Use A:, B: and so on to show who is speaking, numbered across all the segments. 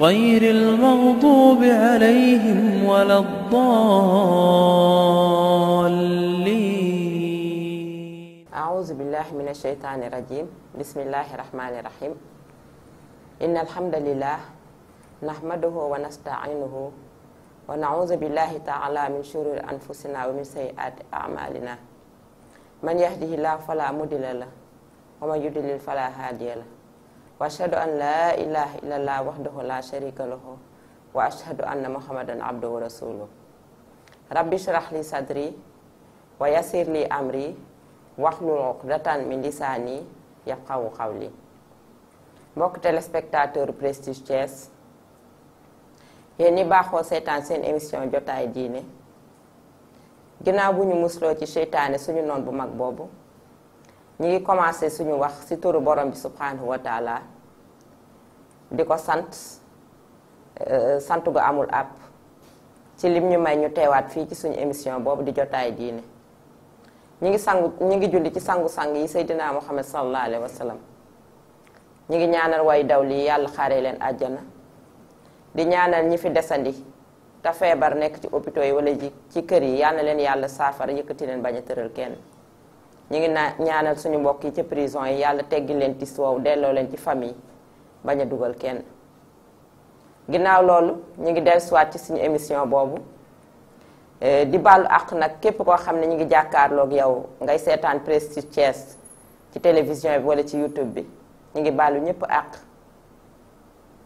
A: غير المغضوب عليهم ولا الضالين
B: أعوذ بالله من الشيطان الرجيم بسم الله الرحمن الرحيم إن الحمد لله نحمده ونستعينه ونعوذ بالله تعالى من شرور أنفسنا ومن سيئات أعمالنا من يهده الله فلا مضل له ومن يضلل فلا هادي له wa ashhadu an laa ilaha illallah wahdahu la sharika lahu wa ashhadu anna muhammadan abduhu wa rasuluhu rabbi shrah li sadri wa yassir li amri wahlul uqdatan min lisaani yafqahu qawli mbokk téléspectateur Prestige Thiès yéen baaxoo seetaan seen émission jotaay diine ginnaaw bu ñu musloo ci seytaane suñu noon bu mag boobu ñu ngi commencé suñu wax ci turu borom bi subhanahu wa di ko sant euh, sant gu amul àpp ci lim ñu may ñu teewaat fii ci suñu émission boobu di jotaay diine ñi ngi sangu ñi ngi julli ci sangu-sang yi sey Seydina Muhammad sallallahu alayhi wa sallam ñi ngi ñaanal way daw lii yàlla xaaree leen àjjana di ñaanal ñi fi desandi te feebar nekk ci hôpitaux yi wala ji ci kër yi yal leen yàlla saafara yëkkati leen bañ a tëral kenn ñu ngi naa ñaanal suñu mbokk yi ci prison yi yàlla teggi leen ci soow delloo leen ci fami baña duggal kenn ginnaaw loolu ñu ngi dellusiwaat ci suñu émission boobu eh, di balu ak nag képp koo xam ne ñu ngi jàkkaarloog yow ngay seetaan Prestige Thiès ci télévision bi wala ci YouTube bi ñu ngi balu ñëpp ak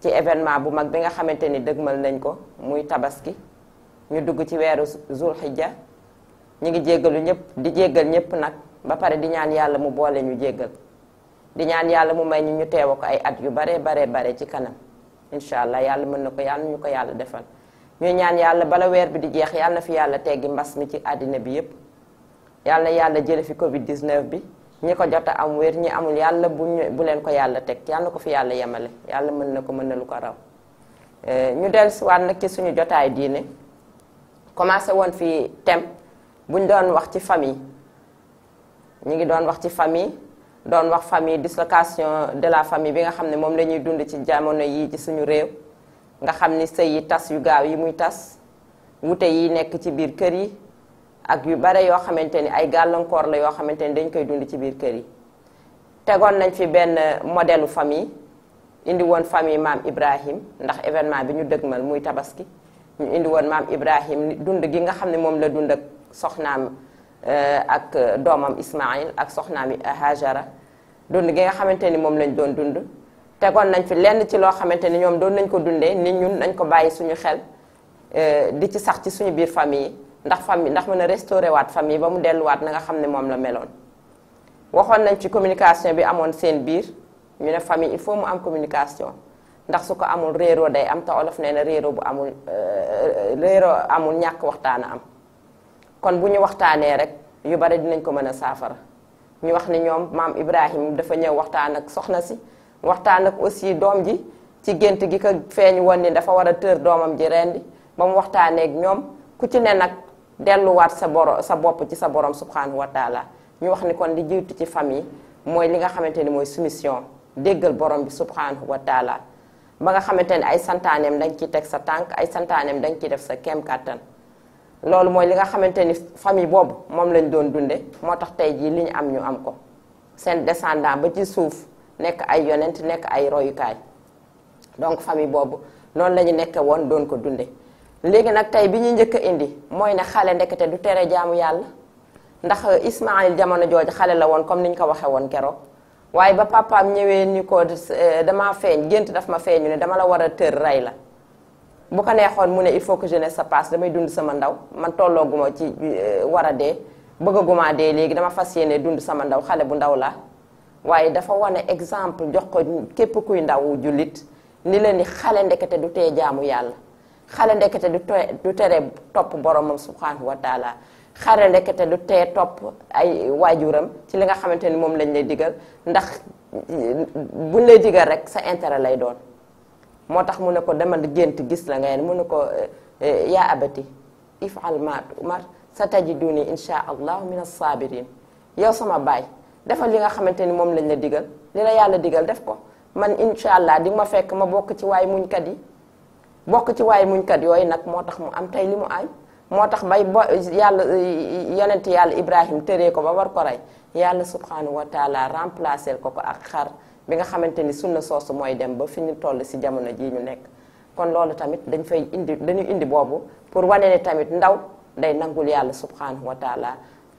B: ci événement bu mag bi nga xamante ni nañ ko muy tabaski ñu dugg ci weeru zulxijja ñu ngi jéggalu ñëpp di jéggal ñëpp nag ba pare di ñaan yàlla mu boole ñu jéggal di ñaan yàlla mu may ñu ñu teewa ko ay at yu bare bare bare ci kanam incha allah yàlla mën na ko yàlla ñu ko yàlla defal ñuy ñaan yàlla bala weer bi di jeex yàlla fi yàlla teggi mbas mi ci àddina bi yépp yàlla yàlla jële fi covid 19 bi ñi ko jot am wér ñi amul yàlla bu bu leen ko yàlla teg yàlla ko fi yàlla yemale yàlla mën na ko mën na lu ko raw eh, ñu dellusiwaat nag ci suñu jotaay diine commencé woon fi bu ñu doon wax ci famille ñu ngi doon wax ci famille doon wax famille dislocation de la famille bi nga xam ne moom la ñuy dund ci jamono yi ci suñu réew nga xam ni sëy yi tas yu gaaw yi muy tas wute yi nekk ci biir kër yi ak yu bare yoo xamante ni ay gàllankoor la yoo xamante ni dañ koy dund ci biir kër yi tegoon nañ fi benn modèlu famille indi woon famille maam Ibrahim ndax événement bi ñu dëgmal muy tabaski ñu indi woon maam Ibrahim dund gi nga xam ne moom la dund ak soxnaam Euh, ak doomam Ismaïl ak soxnaam yi Hajara dund gi nga xamante ni moom lañ doon dund tegoon nañ fi lenn ci loo xamante ni ñoom doon nañ ko dundee nit ñun nañ ko bàyyi suñu xel euh, di ci sax ci suñu biir famille ndax famille ndax mën a restauré waat famille ba mu delluwaat nanga nga xam ne moom la meloon waxoon nañ ci communication bi amoon seen biir ñu ne famille il faut mu am communication ndax su ko amul réeroo day am te olof nee na réeroo bu amul euh, réeroo amul ñàkk waxtaan a am kon buñu waxtane rek yu bari dinañ ko mëna safar ñu wax ni ñom mam Ibrahim dafa ñew waxtaan ak soxna si waxtaan ak aussi dom ji ci gënt gi ka feñ won ni dafa wara teur domam ji rendi bam waxtane ak ñom ku ci ne delu wat sa boro sa bop ci sa borom subhanahu wa taala ñu wax ni kon di jittu ci fami moy li nga xamanteni moy soumission deggal borom bi subhanahu wa taala ba nga xamanteni ay santanem dañ ci tek sa tank ay santanem dañ ci def sa kem loolu mooy li nga xamante ni famille boobu moom lañ doon dunde moo tax tey jii li ñu am ñu am ko seen descendant ba ci suuf nekk ay yonent nekk ay royukaay donc famille boobu noonu la ñu nekk woon doon ko dunde léegi nag tey bi ñu njëkk a indi mooy ne xale ndekete du tere jaamu yàlla ndax Ismaayil jamono jooju xale la woon comme ni ñu ko waxee woon keroog waaye ba papaam ñëwee ni ko euh, damaa feeñ gént dafa ma feeñu ne dama la war a tër rey la bu ko neexoon mu ne il faut que jeunesse sa pace damay dund sama ndaw man tollooguma ci euh, war a dee bëggaguma dee léegi dama fas yéene dund sama ndaw xale bu ndaw la waaye dafa wane exemple jox ko képp kuy ndaw jullit ni leen ni xale ndekete du tee jaamu yàlla xale ndekete du tee du tere topp boromam subhanahu wa taala xale ndekete du tee topp ay waajuram ci li nga xamante ni moom lañ lay digal ndax euh, buñ lay digal rek sa intérêt lay doon motax mu ne ko demal gént gis la ngayen mu ne ko ya abati ifal ma ma satajiduni insha allah min as-sabirin yow sama bay defal li nga xamanteni mom lañ la digal li la yàlla digal def ko man insha allah di ma fekk ma bok ci way muñ kat yi bok ci way muñ kat yoy nak motax mu am tay limu ay motax bay yàlla yonent yàlla ibrahim tere ko ba war ko ray yàlla subhanahu wa taala remplacer ko ko ak xar bi nga xamante ni sunna soosu mooy dem ba fi ñu toll si jamono jii ñu nekk kon loolu tamit dañ fay indi dañu indi boobu pour wane ne tamit ndaw day nangul yàlla subhanahu wa taala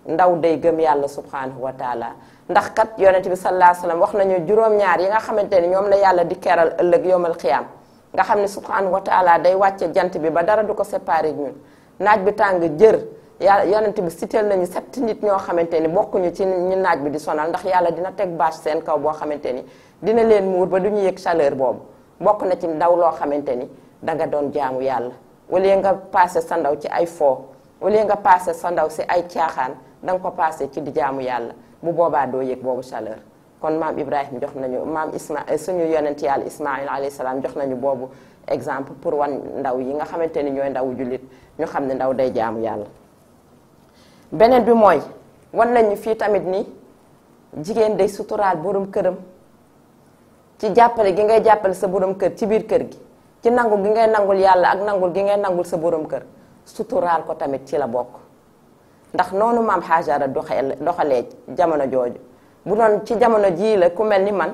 B: ndaw day gëm yàlla subhanahu wa taala ndax kat yonent bi sallallahu alayhi wasallam wax nañu juróom-ñaar yi nga xamante ni ñoom la yàlla di keral ëllëg yowmal xiyaam nga xam ne subhanahu wa taala day wàcce jant bi ba dara du ko séparé ñun naaj bi tàng jër yàlla yonent bi siteel nañu sept nit ñoo xamante ni bokkuñu ci ñu naaj bi di sonal ndax yàlla dina teg bâche seen kaw boo xamante ni dina leen muur ba du ñu yëg chaleur boobu bokk na ci ndaw loo xamante ni danga doon jaamu yàlla wala nga passé sa ndaw ci ay foo wala nga passé sa ndaw si ay caaxaan danga ko passé ci di jaamu yàlla bu boobaa doo yëg boobu chaleur kon maam Ibrahima jox nañu maam Isma eh, suñu yonent yàlla Ismaïl alayhi salaam jox nañu boobu exemple pour wan ndaw yi nga xamante ni ñooy ndaw jullit ñu xam ne ndaw day jaamu yàlla beneen bi mooy wan nañu fii tamit ni jigéen de suturaal borom këram ci jàppale gi ngay jàppale sa borom kër ci biir kër gi ci nangul gi ngay nangul yàlla ak nangul gi ngay nangul sa borom kër suturaal ko tamit ci la bokk ndax noonu maam xaajara doxee doxalee jamono jooju bu doon ci jamono jii la ku mel ni man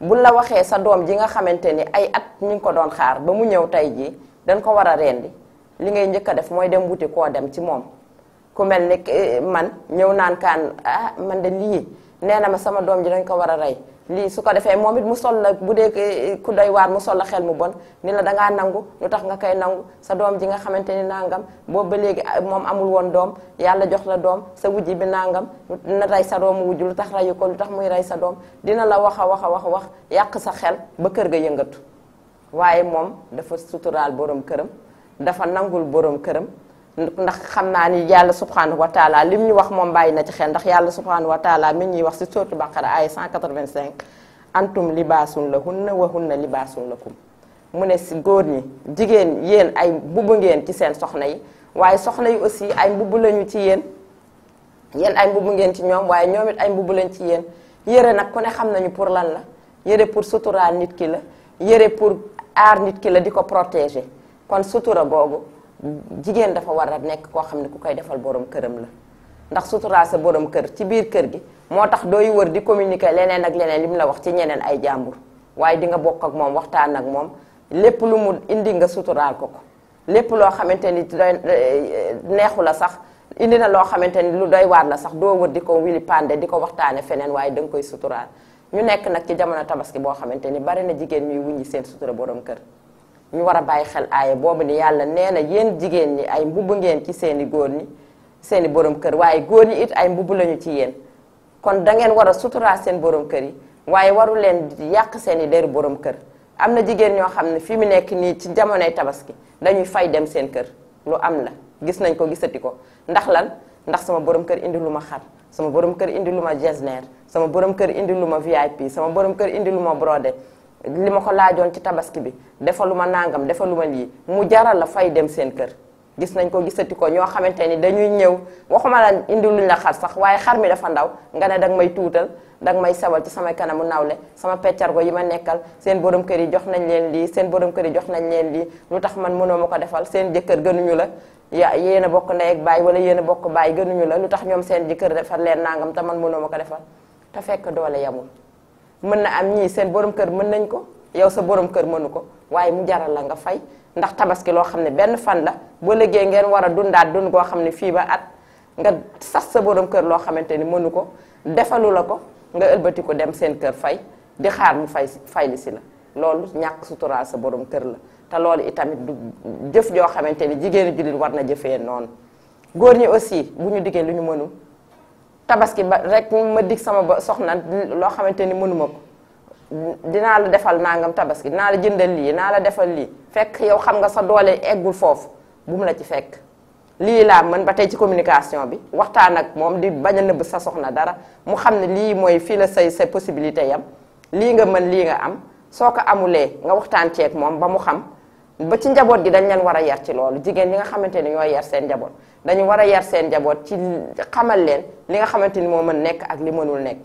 B: bu la waxee sa doom ji nga xamante ni ay at ñu ngi ko doon xaar ba mu ñëw tey jii dañ ko war a rendi li ngay njëkk def mooy dem wuti koo dem ci moom ku mel ni eh, man ñëw naan kaan ah man de lii nee na ma sama doom ji dañ ko war a rey lii su ko defee moom it mu sol la bu dee eh, ku doy waar mu sol la xel mu bon ni la dangaa nangu lu tax nga koy nangu sa doom ji nga xamante ni nangam boobu ba léegi ah, moom amul woon doom yàlla jox la doom sa wujj bi nangam na rey sa doomu wujj lu tax reyu ko lu tax muy rey sa doom dina la wax a wax a wax a wax yàq sa xel ba kër ga yëngatu waaye moom dafa suturaal borom këram dafa nangul borom këram ndax xam ni yàlla subhanahu wa taala lim ñu wax mom bayina ci xel ndax yàlla subhanahu wa taala mi ñi wax si sóotu baqara ay 185 antum libasun lahun wa hunna libasun lakum mune ci góor ñi jigen yéen ay bubu ngeen ci seen soxna yi waye soxna yi aussi ay bubu lañu ci yéen yéen ay bubu ngeen ci ñom waye ñoom it ay bubu lañ ci yéen yére nak ku ne xam nañu pour lan la yére pour sutura nit ki la yére pour ar nit ki la diko protéger kon sutura boobu jigéen dafa war a nekk koo xam ne ku koy defal borom këram la ndax suturaa sa borom kër ci biir kër gi moo tax dooy wër di communiquer leneen ak leneen li mu la wax ci ñeneen ay jàmbur waaye di nga bokk ak moom waxtaan ak moom lépp lu mu indi nga suturaal ko ko lépp loo xamante ni neexu la sax indi na loo xamante ni lu doy waar la sax doo wër di ko wili pande di ko waxtaane feneen waaye da nga koy suturaal ñu nekk nag ci jamono tabaski boo xamante ni bari na jigéen ñuy wuññi seen sutura borom kër ñu war a bàyyi xel aaya boobu ni yàlla nee na yéen jigéen ñi ay mbubb ngeen ci seeni góor ni seeni borom kër waaye góor ñi it ay mbubb lañu ci yéen kon dangeen war a suturaal seen borom kër yi waaye waru leen yàq seeni deru borom kër am na jigéen ñoo xam ne fii mu nekk nii ci jamonoy tabaski dañuy fay dem seen kër lu am la gis nañ ko gisati ko ndax lan ndax sama borom kër indi lu ma xat sama borom kër indi lu ma jesner sama borom kër indi lu ma VIP sama borom kër indi lu ma brodé li ma ko laajoon ci tabaski bi defaluma nangam defaluma lii mu jaral la fay dem seen kër gis nañ ko gisati ko ñoo xamante ni dañuy ñëw waxuma la indi luñ la xar sax waaye xar mi dafa ndaw nga ne danga may tuutal danga may sawal ci sama kanamu nawle sama peccargo yi ma nekkal seen borom kër yi jox nañ leen lii seen borom kër yi jox nañ leen lii lu tax man mënoo ma ko defal seen jëkkër gënuñu la ya yéen a bokk ndey ak baay wala yéen bokk baay gënuñu la lu tax ñoom seen jëkkër defal leen nangam te man mënoo ma ko defal te fekk doole yamul mën na am ñii seen borom kër mën nañ ko yow sa borom kër mënu ko waaye mu jaral la nga fay ndax tabaski loo xam ne benn fan la boo liggéey ngeen war a dundaat dund goo xam ne fii ba at nga sas sa borom kër loo xamante ni mënu ko defalu la ko nga ëlbati ko dem seen kër fay di xaar mu fay fay li si la loolu ñàkk suturaal sa borom kër la te loolu itamit du jëf joo xamante ni jigéenu jullit war na jëfee noonu góor ñi aussi bu ñu diggee lu ñu mënul tabaski ba rek ma dig sama ba soxna loo xamante ni mënuma ko dinaa la defal nangam tabaski dinaa la jëndal lii naa la defal lii fekk yow xam nga sa doole eggul foofu bu mu la ci fekk lii laa mën ba tey ci communication bi waxtaan ak moom di bañ a nëbb sa soxna dara mu xam ne lii mooy fii la say sa possibilité yam lii nga mën lii nga am soo ko amulee nga waxtaan ceeg moom ba mu xam ba ci njaboot gi dañ leen war a yar ci loolu jigéen ñi nga xamante ni ñoo yar seen njaboot dañu war a yar seen njaboot ci xamal leen li nga xamante ni moo mën nekk ak li mënul nekk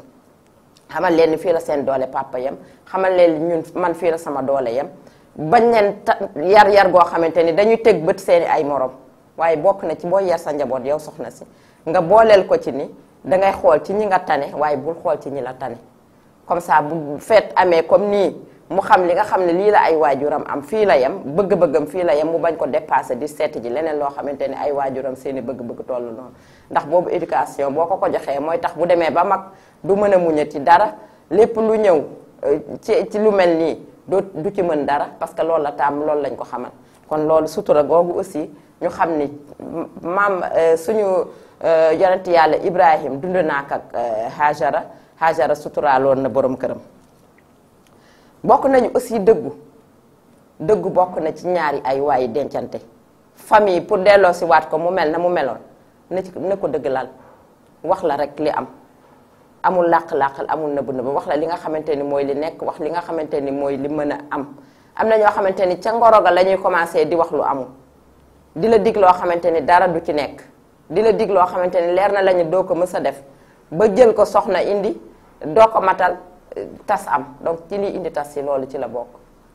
B: xamal leen ni fii la seen doole papa yam xamal leen ñun man fii la sama doole yam bañ leen yar yar goo xamante ni dañuy teg bët seeni ay moroom waaye bokk na ci boo yar sa njaboot yow soxna si nga booleel ko ci ni dangay xool ci ñi nga tane waaye bul xool ci ñi la mu xam li nga xam ne lii la ay waajuram am fii la yem bëgg-bëggam fii la yem mu bañ ko dépassé di seet ji leneen loo xamante ni ay waajuram seeni bëgg-bëgg tollu noonu ndax boobu éducation boo ko ko joxee mooy tax bu demee ba mag du mën a muñati dara lépp lu ñëw euh, ci ci lu mel nii du du ci mën dara parce que loolu la tàmm loolu lañ ko xamal kon loolu sutura googu aussi ñu xam ni maam euh, suñu euh, yonent yàlla Ibrahim dund naa ko ak Hajara Hajara suturaaloon na borom këram. bokk nañu aussi dëggu dëggu bokk na ci ñaari ay waaye dencante famille pour delloo si waat ko mu mel na mu meloon na ci na ko dëgg lal wax la rek li am amul làq-làqal amul nëbb nëbb wax la li nga xamante ni mooy li nekk wax li nga xamante ni mooy li mën a am am na ñoo xamante ni ca ngoroga la ñuy commencé di wax lu amul di la dig loo xamante ni dara du ci nekk di la dig loo xamante ni leer na lañu doo ko mës a def ba jël ko soxna indi doo ko matal tas am donc ci liy indi tas yi loolu ci la bokk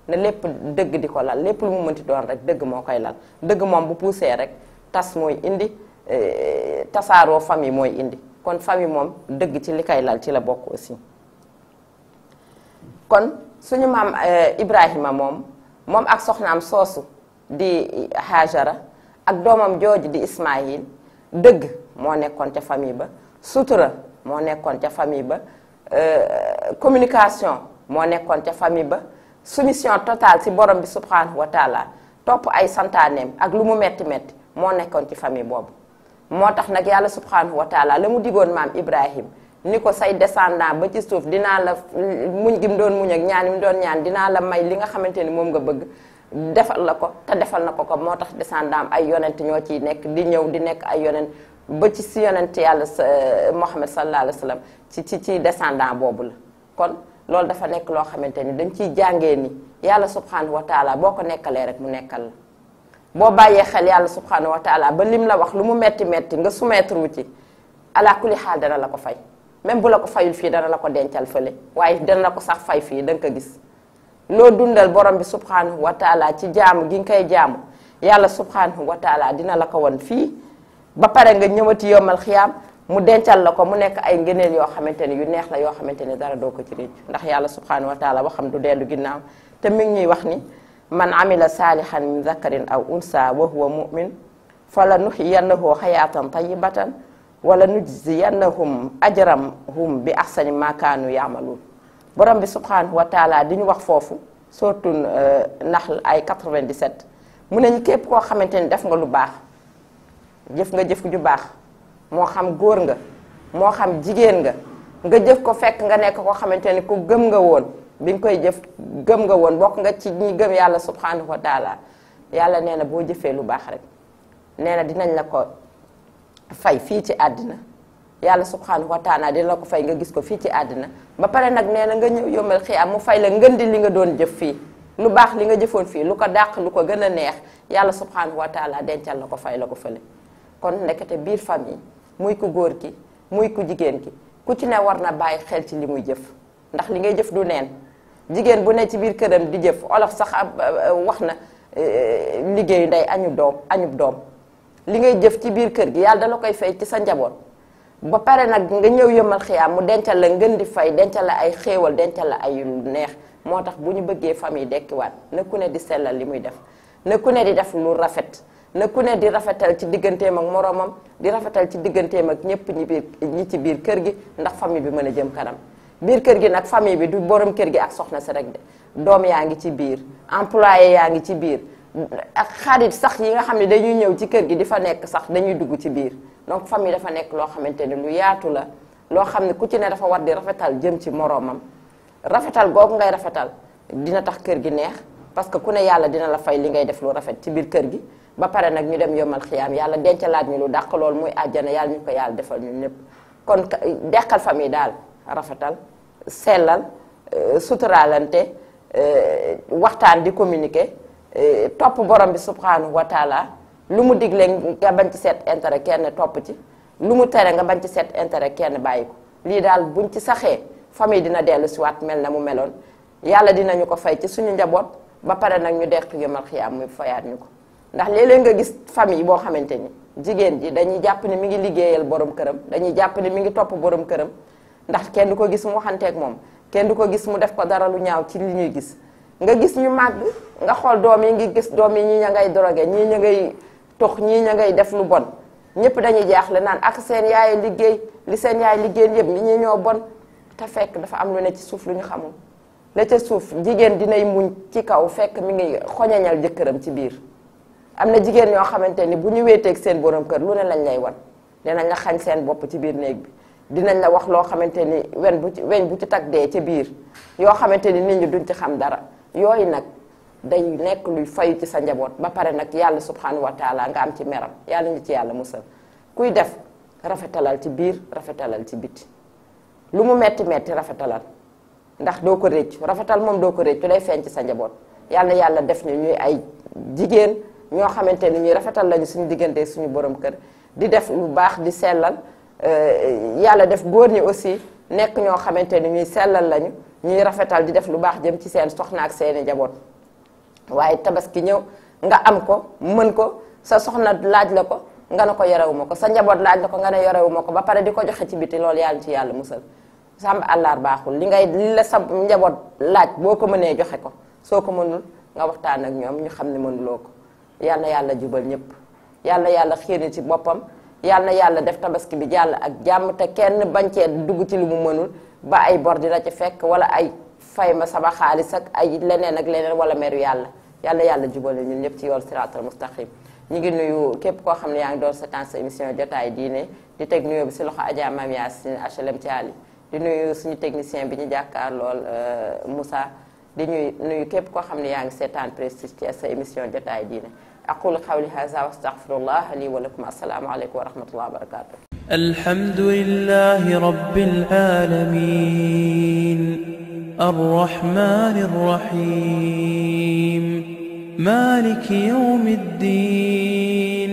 B: ne lépp dëgg di ko lal lépp lu mu mënti doon rek dëgg moo koy lal dëgg moom bu poussé rek tas mooy indi eh, tasaaroo famille mooy indi kon famille moom dëgg ci li koy lal ci la bokk aussi kon suñu maam eh, Ibrahima moom moom ak soxnaam soosu di Hajara ak doomam jooju di Ismaayil dëgg moo nekkoon ca famille ba sutura moo nekkoon ca famille ba Euh, communication moo nekkoon ca famille ba soumission total si borom bi subhanahu wa taala topp ay santaaneem ak lu mu metti metti moo nekkoon ci famille boobu moo tax nag yàlla subhanahu wa la mu digoon maam Ibrahim ni ko say descendant ba ci suuf dinaa la muñ gi mu doon muñ ak ñaan mu doon ñaan dinaa la may li nga xamante ni moom nga bëgg defal la ko te defal na ko ko moo tax descendant ay yonent ñoo ci nekk di ñëw di nekk ay yonent ba ci si yonent yàlla sa Muhammad sallallahu alayhi wa ci ci ci descendant boobu la kon loolu dafa nekk loo xamante ni dañ ciy jàngee ni yàlla subhanahu wa taala boo ko nekkalee rek mu nekkal la boo bàyyee xel yàlla subhanahu wa taala ba lim la wax lu mu metti metti nga soumettre wu ci ala kulli xaal dana la ko fay même bu la ko fayul fii dana la ko dencal fële waaye dana la ko sax fay fii danga ko gis loo dundal borom bi subhanahu wa ci jaamu gi koy jaamu yàlla subhanahu wa taala dina la ko won fii ba pare nga ñëwati yombal xiyaam mu dencal la ko mu nekk ay ngëneel yoo xamante ni yu neex la yoo xamante ni dara doo ko ci réccu ndax yàlla subhanahu wa taala waxam du dellu ginnaaw te mi ngi ñuy wax ni man amila saalihan min zakarin aw unsa wa huwa mumin fala nuxiyannahu xayaatan tayibatan wala nujziyannahum ajram hum bi axsani ma kaanu yaamaluun borom bi subhanahu wa di ñu wax foofu surtout naxl ay 97 mu ne ñu képp koo xamante ni def nga lu baax jëf nga jëf ju baax moo xam góor nga moo xam jigéen nga nga jëf ko fekk nga nekk koo xamante ni ku gëm nga woon bi nga koy jëf gëm nga woon bokk nga ci ñi gëm yàlla subhanahu wa taala yàlla nee na boo jëfee lu baax rek nee na dinañ la ko fay fii ci àddina yàlla subhanahu wa taala dina la ko fay nga gis ko fii ci àddina ba pare nag nee na nga ñëw yombal xiyaam mu fay la ngën li nga doon jëf fii lu baax li nga jëfoon fii lu ko dàq lu ko gën a neex yàlla subhanahu wa taala dencal la ko fay la ko fële kon nekkate biir famille muy ku góor ki muy ku jigéen ki ku ci ne war na bàyyi xel ci li muy jëf ndax li ngay jëf du neen jigéen bu ne ci biir këram di jëf olof sax wax na e, e, liggéeyu ndey añu doom añub doom li ngay jëf ci biir kër gi yàlla dala koy fay ci sa njaboot ba pare nag nga ñëw yëmal xiyaam mu dencal la ngeen di fay dencal la ay xéewal dencal la ay neex moo tax bu ñu bëggee famille dekkiwaat na ku ne di sellal li muy def na ne di def lu rafet na ku ne di rafetal ci digganteem ak moroomam di rafetal ci digganteem ak ñëpp ñi biir ñi ci biir kër gi ndax famille bi mën a jëm kanam biir kër gi nag famille bi du borom kër gi ak soxna si rek de doom yaa ngi ci biir employé yaa ngi ci biir ak xarit sax yi nga xam ne dañuy ñëw ci kër gi di fa nekk sax dañuy dugg ci biir donc famille dafa nekk loo xamante ne lu yaatu la loo xam ne ku ci ne dafa war di rafetal jëm ci moroomam rafetal googu ngay rafetal dina tax kër gi neex parce que ku ne yàlla dina la fay li ngay def lu rafet ci biir kër gi ba pare nag ñu dem yomal xiyaam yàlla dencalaat ñu lu dàq lool muy àjjana yàlla ñu ko yàlla defal ñun ñëpp kon deqal famille daal rafetal sellal euh, suturaalante euh, waxtaan di communiquer euh, topp borom bi subhanahu wa lu mu digle nga bañ ci seet intérêt kenn topp ci lu mu tere nga bañ ci seet intérêt kenn bàyyi ko lii daal buñ ci saxee famille dina dellu siwaat mel na mu meloon yàlla dinañu ko fay ci suñu njaboot ba pare nag ñu deq yëmal xiyaam muy fayaat ñu ko ndax léeg-léeg nga gis famille boo xamante ni jigéen ji dañuy jàpp ne mi ngi liggéeyal borom këram dañuy jàpp ne mi ngi topp borom këram ndax kenn du ko gis mu waxanteeg moom kenn du ko gis mu def ko dara lu ñaaw ci li ñuy gis nga gis ñu màgg nga xool doom yi ngi gis doom yi ñii ña ngay drogué ñii ña ngay tox ñii ña ngay def lu bon ñëpp dañuy jaaxle naan ak seen yaay liggéey li seen yaay liggéey yëpp ñu ñoo bon te fekk dafa am lu ne ci suuf lu ñu xamul ne ca suuf jigéen dinay muñ ci kaw fekk mu ngi xoñañal jëkkëram ci biir am na jigéen ñoo xamante ni bu ñu wéeteeg seen borom kër ne lañ lay wan dinañ la xañ seen bopp ci biir néeg bi dinañ la wax loo xamante ni wen bu ci weñ bu ci tag dee ca biir yoo xamante ni nit ñi duñ ci xam dara yooyu nag day nekk luy fayu ci sa njaboot ba pare nag yàlla subhanahu wa taala nga am ci meram yàlla ñu ci yàlla musal kuy def rafetalal ci biir rafetalal ci biti lu mu metti metti rafetalal ndax doo ko réccu rafetal moom doo ko réccu lay feeñ ci sa njaboot yàlla na yàlla def ñu ñuy ay jigéen ñoo xamante ni ñuy rafetal lañu suñu diggante suñu boroom kër di def lu baax di sellal euh, yàlla def góor ñi aussi nekk ñoo xamante ni ñuy sellal lañu ñuy rafetal di def lu baax jëm ci seen soxna ak seeni njaboot waaye tabaski ñëw nga am ko mën ko sa soxna laaj la ko nga ne ko yorewuma ko sa njaboot laaj la ko nga ne yorewuma ko ba pare di ko joxe ci biti loolu yàlla ci yàlla musal sàmm àllaar baaxul li ngay li la sa njaboot laaj boo ko mënee joxe ko soo ko mënul nga waxtaan ak ñoom ñu xam ne mënuloo ko yàlla yàlla jubal ñëpp yal yàlla xiir ci boppam yal na yàlla def tabaski bi jàll ak jàmm kenn bañ cee dugg ci lu mu mënul ba ay bor dina ci fekk wala ay fay ma sama xaalis ak ay leneen ak leneen wala meru yàlla yàlla yàlla jubal ñun ñëpp ci yoon siraatal mustaqim ñu ngi nuyu képp koo xam ne yaa ngi doon seetaan sa émission jotaay diine di teg nuyoo bi si loxo Adja Mame Yacine HLM Thiali di nuyu suñu technicien bi ñu jàkkaar lool Moussa di ñuy nuyu képp koo xam ne yaa ngi seetaan Prestige ci sa émission jotaay diine aqulu qawli haza wa astaghfirullah li wa lakum assalaamu aleykum wa rahmatullahi wa barakatuh
A: alhamdulillahi rabbil alamin arrahmanir rahim maliki yawmiddin